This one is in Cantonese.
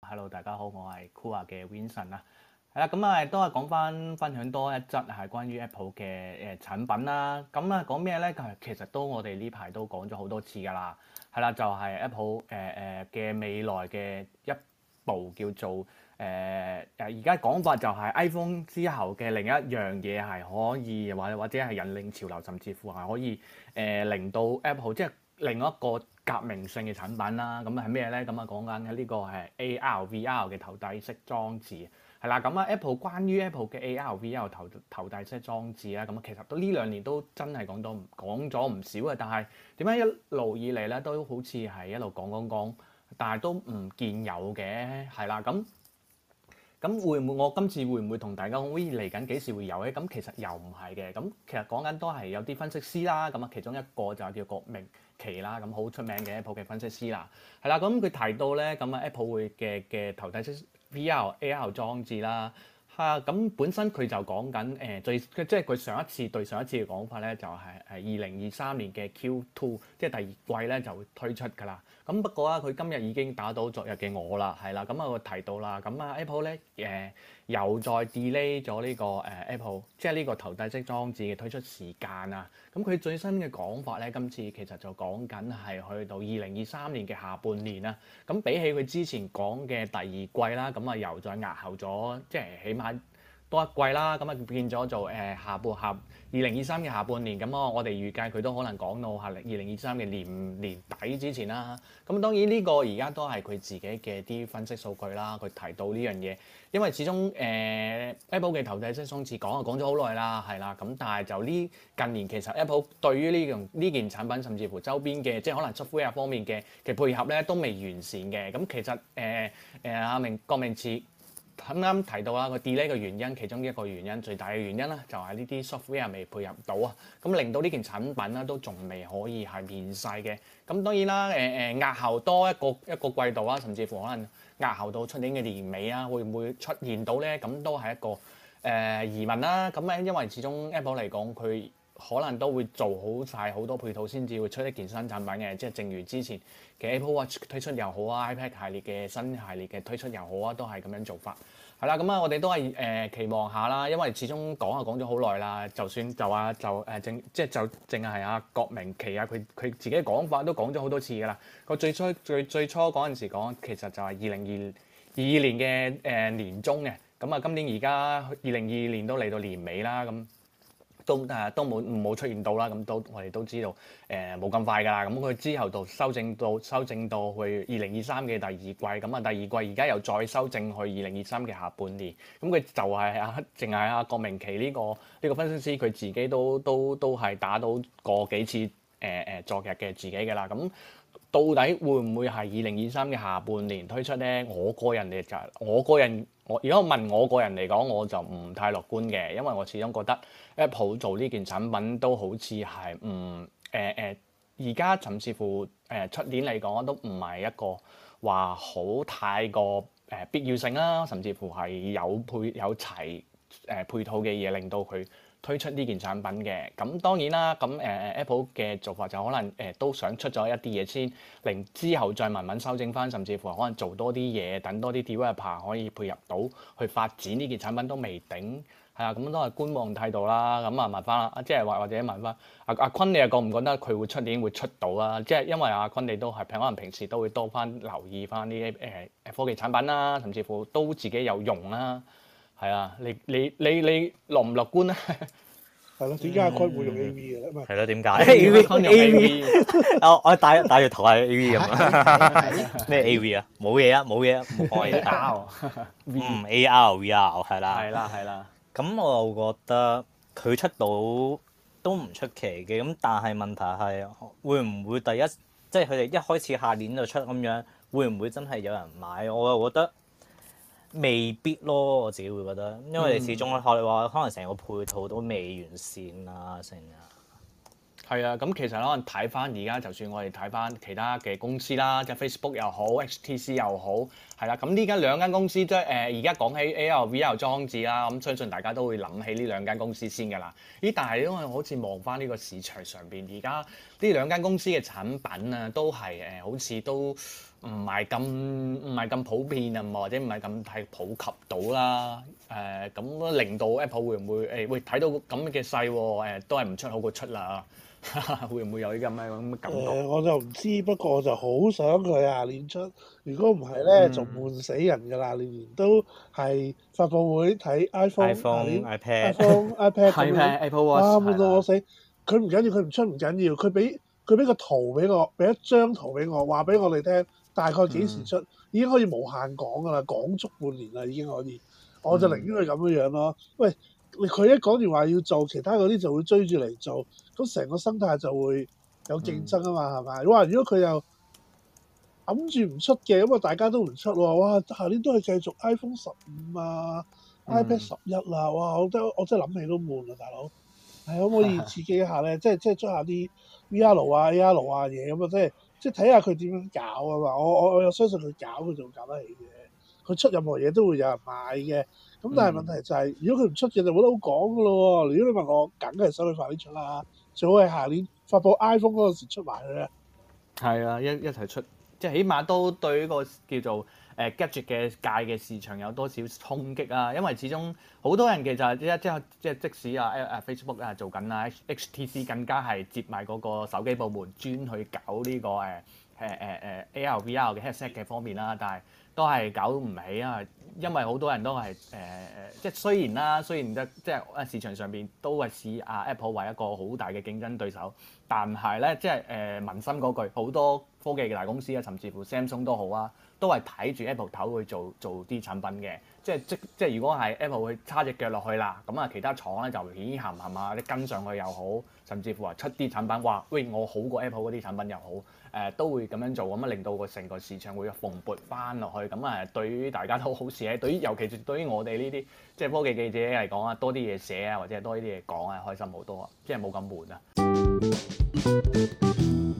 Hello，大家好，我係酷啊嘅 Vincent 啊，係啦，咁啊都係講翻分享多一則係關於 Apple 嘅誒產品啦。咁啊講咩咧？其實我都我哋呢排都講咗好多次㗎喇，係啦，就係、是、Apple 誒誒嘅未來嘅一部叫做。誒誒，而家講法就係 iPhone 之後嘅另一樣嘢係可以，或者或者係引領潮流，甚至乎係可以誒，令到 Apple 即係另一個革命性嘅產品啦。咁係咩咧？咁啊，講緊嘅呢個係 AR VR 嘅頭戴式裝置係啦。咁啊，Apple 關於 Apple 嘅 AR VR 頭頭戴式裝置啦，咁其實都呢兩年都真係講到講咗唔少嘅，但係點解一路以嚟咧都好似係一路講講講，但係都唔見有嘅係啦。咁。嗯咁會唔會我今次會唔會同大家會嚟緊幾時會有咧？咁其實又唔係嘅。咁其實講緊都係有啲分析師啦。咁啊，其中一個就係叫郭明琪啦，咁好出名嘅 Apple 嘅分析師啦。係啦，咁佢提到咧，咁啊 Apple 會嘅嘅頭戴式 VR AR 裝置啦。係啊，咁本身佢就講緊誒，最即係佢上一次對上一次嘅講法咧，就係誒二零二三年嘅 Q Two，即係第二季咧就會推出㗎啦。咁不過啊，佢今日已經打到昨日嘅我啦，係啦。咁、嗯、我提到啦，咁、嗯、啊 Apple 咧誒、呃、又再 delay 咗呢個誒、呃、Apple，即係呢個頭戴式裝置嘅推出時間啊。咁、嗯、佢最新嘅講法咧，今次其實就講緊係去到二零二三年嘅下半年啊。咁、嗯、比起佢之前講嘅第二季啦，咁、嗯、啊又再押後咗，即係起碼，多一季啦，咁啊變咗做誒、呃、下，下，下半年，二零二三嘅下半年，咁我我哋預計佢都可能講到下年二零二三嘅年年底之前啦。咁當然呢個而家都係佢自己嘅啲分析數據啦，佢提到呢樣嘢，因為始終誒、呃、Apple 嘅頭戴式裝置講啊講咗好耐啦，係啦，咁但係就呢近年其實 Apple 對於呢樣呢件產品甚至乎周邊嘅，即係可能 software 方面嘅嘅配合咧都未完善嘅。咁其實誒誒啊明郭明錤。啱啱提到啦，個 delay 嘅原因，其中一個原因最大嘅原因咧，就係呢啲 software 未配合到啊，咁令到呢件產品咧都仲未可以係面世嘅。咁當然啦，誒誒壓後多一個一個季度啊，甚至乎可能壓後到出年嘅年尾啊，會唔會出現到咧？咁都係一個誒、呃、疑問啦。咁咧因為始終 Apple 嚟講佢。可能都會做好晒好多配套先至會出一件新產品嘅，即係正如之前，其實 Apple Watch 推出又好啊，iPad 系列嘅新系列嘅推出又好啊，都係咁樣做法。係啦，咁、嗯、啊，我哋都係誒、呃、期望下啦，因為始終講啊講咗好耐啦，就算就，就，就，就，就啊就誒正即係就正係啊郭明錤啊佢佢自己嘅講法都講咗好多次㗎啦。個最初最最初嗰陣時講，其實就係二零二二年嘅誒、呃、年中嘅，咁、嗯、啊今年而家二零二二年都嚟到年尾啦咁。嗯都誒都冇冇出現到啦，咁都我哋都知道誒冇咁快㗎啦。咁、嗯、佢之後就修正到修正到去二零二三嘅第二季，咁、嗯、啊第二季而家又再修正去二零二三嘅下半年。咁、嗯、佢就係、是、啊，淨係啊郭明琪呢、這個呢、這個分析師佢自己都都都係打到過幾次誒誒、呃、昨日嘅自己㗎啦。咁、嗯、到底會唔會係二零二三嘅下半年推出咧？我個人嘅就我個人。如果問我個人嚟講，我就唔太樂觀嘅，因為我始終覺得 Apple 做呢件產品都好似係唔誒誒，而、嗯、家、呃呃、甚至乎誒出、呃、年嚟講都唔係一個話好太過誒、呃、必要性啦，甚至乎係有配有齊誒、呃、配套嘅嘢令到佢推出呢件產品嘅，咁當然啦，咁誒、呃、Apple 嘅做法就可能誒、呃、都想出咗一啲嘢先，令之後再慢慢修正翻，甚至乎可能做多啲嘢，等多啲 developer 可以配合到去發展呢件產品都未定，係啊，咁、嗯、都係觀望態度啦，咁、嗯、啊問翻啊，即係或者或者問翻阿阿坤，你又覺唔覺得佢會出年會出到啦？即係因為阿、啊、坤你都係平可能平時都會多翻留意翻呢啲誒科技產品啦，甚至乎都自己有用啦。係啊，你你你你樂唔樂觀咧？係咯，點解應該會用 A V 嘅咧？係咯，點解？用 A V，我我戴戴住頭係 A V 咁啊？咩 A V 啊？冇嘢啊，冇嘢，啊？唔可以打喎。嗯，A R V R 係啦，係啦，係啦。咁我又覺得佢出到都唔出奇嘅，咁但係問題係會唔會第一，即係佢哋一開始下年就出咁樣，會唔會真係有人買？我又覺得。未必咯，我自己會覺得，因為你始終學你話，可能成個配套都未完善啊，成啊。係啊，咁其實可能睇翻而家，就算我哋睇翻其他嘅公司啦，即係 Facebook 又好，HTC 又好，係啦。咁呢間兩間公司即係誒，而家講起 AR、VR 裝置啦，咁相信大家都會諗起呢兩間公司先㗎啦。咦？但係因為好似望翻呢個市場上邊，而家呢兩間公司嘅產品啊，都係誒，好似都～唔係咁唔係咁普遍啊，或者唔係咁太普及、呃會會欸、到啦。誒咁令到 Apple 會唔會誒會睇到咁嘅勢？誒都係唔出好過出啦。會唔會有依家咁嘅感覺、呃？我就唔知，不過我就好想佢廿年出。如果唔係咧，仲悶死人㗎啦！年年都係發佈會睇 iPhone、iPad、iPhone 對、iPad、iPad、Apple Watch 啊悶到我死！佢唔緊要，佢唔出唔緊要，佢俾佢俾個圖俾我，俾一張圖俾我，話俾我哋聽。大概幾時出？已經可以無限講噶啦，講足半年啦，已經可以。我就寧願係咁樣樣咯。嗯、喂，佢一講完話要做其他嗰啲，就會追住嚟做。咁成個生態就會有競爭啊嘛，係咪、嗯？哇！如果佢又揞住唔出嘅，咁啊大家都唔出喎。哇！下年都係繼續 iPhone 十五啊，iPad 十一啦。哇、嗯啊！我真我真諗起都悶啊，大佬。係、嗯、可唔可以刺激一下咧哈？即係即係追下啲 VR 啊、AR 啊嘢咁啊，即係。即即係睇下佢點樣搞啊嘛！我我我相信佢搞佢仲搞得起嘅，佢出任何嘢都會有人買嘅。咁但係問題就係、是，嗯、如果佢唔出嘅，就冇得好講噶咯喎。如果你問我，梗係想去快啲出啦，最好係下年發布 iPhone 嗰陣時出埋佢啊。係啊，一一齊出，即係起碼都對呢、這個叫做。誒 gadget 嘅界嘅市場有多少衝擊啊？因為始終好多人其實一即係即係即使啊誒 Facebook 啊做緊啊，HTC 更加係接埋嗰個手機部門專去搞呢個誒誒誒誒 AR VR 嘅 headset 嘅方面啦，但係都係搞唔起啊！因為好多人都係誒、呃，即係雖然啦，雖然即即係市場上邊都係視啊 Apple 為一個好大嘅競爭對手，但係咧即係誒、呃、民心嗰句，好多科技嘅大公司啊，甚至乎 Samsung 都好啊，都係睇住 Apple 頭去做做啲產品嘅。即係即即係，如果係 Apple 會叉隻腳落去啦，咁啊其他廠咧就掩含係嘛，你跟上去又好，甚至乎話出啲產品，哇！喂，我好過 Apple 嗰啲產品又好，誒、呃、都會咁樣做咁啊，令到個成個市場會蓬勃翻落去，咁啊對於大家都好事咧，對於尤其是對於我哋呢啲即係科技記者嚟講啊，多啲嘢寫啊，或者係多啲嘢講啊，開心好多，啊。即係冇咁悶啊！